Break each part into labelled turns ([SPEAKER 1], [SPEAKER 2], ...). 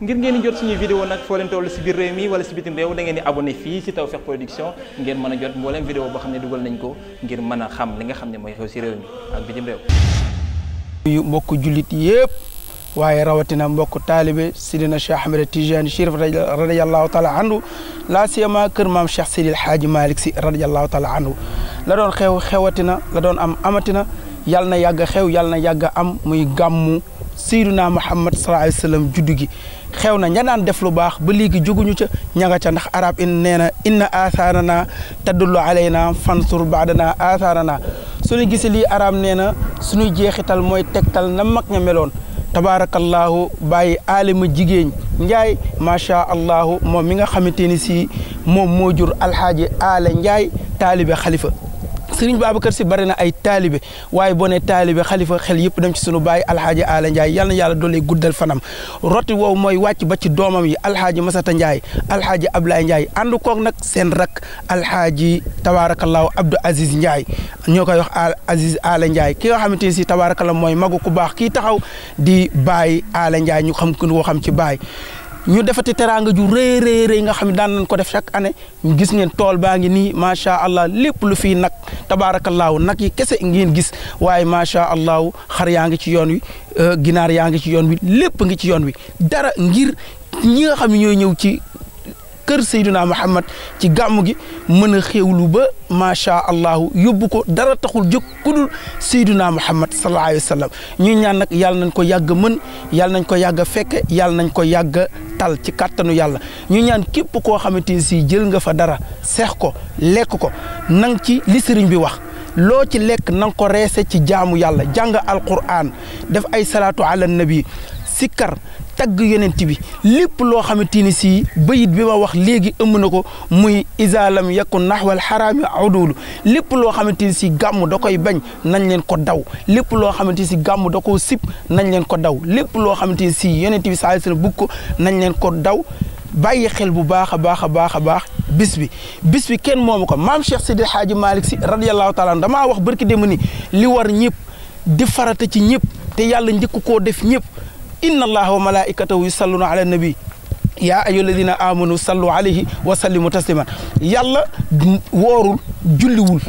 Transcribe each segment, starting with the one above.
[SPEAKER 1] ngir ngeen di jot ñu vidéo nag foo leen toll si biir réew mi wala si bitim réew da ngeen di abonné fii si Tawfekh Production ngeen a jot mbooleem vidéo boo xam ne dugal nañ ko ngir mën a xam li nga xam ne mooy xew si réew mi ak bitim réew mbokk jullit yëpp waaye rawatina mbokk taalibe sidina Cheikh Ahmed Tijani Chérif radiallahu taala anhu laa siyama kër maam Cheikh Sidil Haaji Malick si radiallahu taala anhu la doon xew xewatina la doon am amatina yal na yàgg xew yal na yàgg am muy gàmmu na Muhammad sallallahu alayhi wa sallam juddu gi xew na ña daan def lu baax ba léegi juguñu ca ña nga ca ndax arab in nee na inna asaarana taddullu alayna fansur baadana na suñu gisee lii arab nee na suñu jeexital mooy tegtal na mag ña meloon tabaarakallaahu bàyyi ma jigéen njaay macha allahu moom mi nga xamante ni si moom moo jur alxaaji aale njaay taalibe xalifa sëriñ kër si bari na ay taalibe waaye boo ne taalibe xalifa xel yëpp dem ci sunu baay alxaaji Ala Ndiaye yal na yàlla doole guddal fanam roti woow mooy wàcc ba ci doomam yi alxaaji Masata Ndiaye alxaaji Ablaye Ndiaye ànd koog nag seen rak alxaaji tabaarakallaahu Abdou Aziz Ndiaye ñoo koy wax al Aziz Ala Ndiaye ki nga xamante ne si tabaarakallaahu mooy magu ku baax kii taxaw di baay Ala Ndiaye ñu xam woo xam ci baay ñu defati teraanga ju rëy rëy rëy nga xam ne daan nañ ko def chaque année gis ngeen tool baa ngi nii macha allah lépp lu fii nag tabaarakallaahu nag yi kese ngeen gis waaye macha allah xar yaa ngi ci yoon wi euh, ginaar yaa ngi ci yoon wi lépp ngi ci yoon wi dara ngir ñi nga xam ne ñooy ñëw ci. kër Seydina Muhammad ci gàmm gi mën a xéewlu ba macha allah yóbbu ko dara taxul jóg ku dul Seydina Muhammad sallallahu alayhi wa sallam ñuy ñaan nag yàlla nañ ko yàgg mën yàlla nañ ko yàgg fekke yàlla nañ ko yàgg tal ci kàttanu yàlla ñu ñaan képp koo xamante ni si jël nga fa dara seex ko lekk ko nang ci li sëriñ bi wax loo ci lekk nang ko reese ci jaamu yàlla jàng alquran def ay salaatu ala nabi sikkar tagg yonent bi lépp loo xamante ni si bayit bi ma wax léegi ëmb na ko muy isaalam yakun naxwal xaraami adulu lépp loo xamante ni si gàmm da koy bañ nañ leen ko daw lépp loo xamante si gàmm da koo sib nañ leen ko daw lépp loo xamante ni si yonent bi saa sala bugg ko nañ leen ko daw bàyyi xel bu baax a baax a baax a baax bis bi bis bi kenn moom ko maam Cheikh Sidi Hadji Malick si radiyallahu taala damaa wax barki dem ni li war ñëpp di farata ci ñëpp te yàlla njëkk koo def ñëpp inna allaha wa malaikatahu yusalluna ala nabi yaa ayu alladina amanu sallu alayhi wa sallimu tasliman yàlla woorul julliwul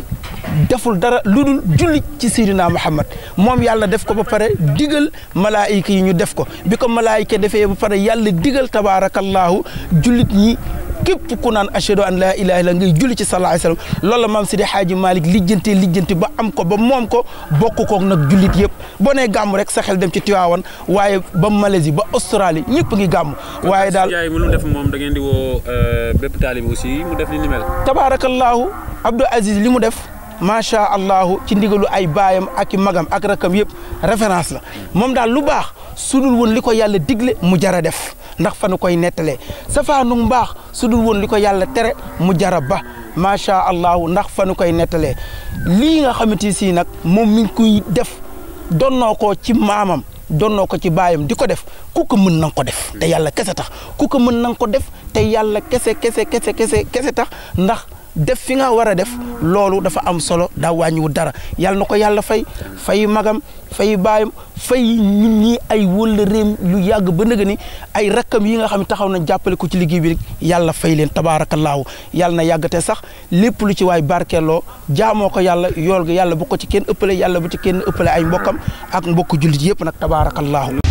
[SPEAKER 1] deful dara lu dul julli ci Seydina Muhammad moom yàlla def ko ba pare diggal malaayika yi ñu def ko bi ko malaayika defee ba pare yàlla digal tabaarakallaahu jullit ñi képp ku naan ashhadu an laa ilaaha illa ngay julli ci sallallahu alayhi wa sallam loolu la Xaaji Malick lijjanti lijjanti ba am ko ba moom ko bokk koog nag jullit yëpp boo ne gàmm rek sa xel dem ci Tiwaawan waaye ba Malaisie ba Australie ñëpp ngi gàmm. waaye daal yaay mënu def moom da ngeen di woo euh, bépp taalib aussi mu def li ni mel. tabaarakallaahu Abdou Aziz li mu def. macha allah ci ndigalu ay baayam ak i magam ak rakam yëpp référence la moom daal lu baax su dul woon li ko yàlla digle mu jara def ndax fa nu koy nettalee safaanu mbaax su woon li ko yàlla tere mu jara ba macha allah ndax fa nu koy nettalee lii nga xamante si nag moom mi ngi koy def donnoo ko ci maamam donnoo ko ci baayam di ko def ku ko mën na ko def te yàlla kese tax ku ko mën na ko def te yàlla kese kese kese kese kese tax ndax def fi nga war a def loolu dafa am solo daa wàññiwu dara yàlla na ko yàlla fay fay magam fay baayam fay ñun ñi ay wëllëreem lu yàgg ba nëgë ni ay rakkam yi nga xam ne taxaw na jàppale ko ci liggéey bi rek yàlla fay leen tabaarakallaahu yàlla na yàggatee sax lépp lu ci waay barkeeloo jaamoo ko yàlla yool ga yàlla bu ko ci kenn ëppale yàlla bu ci kenn ëppale ay mbokkam ak mbokku jullit yëpp nag tabaarakallaahu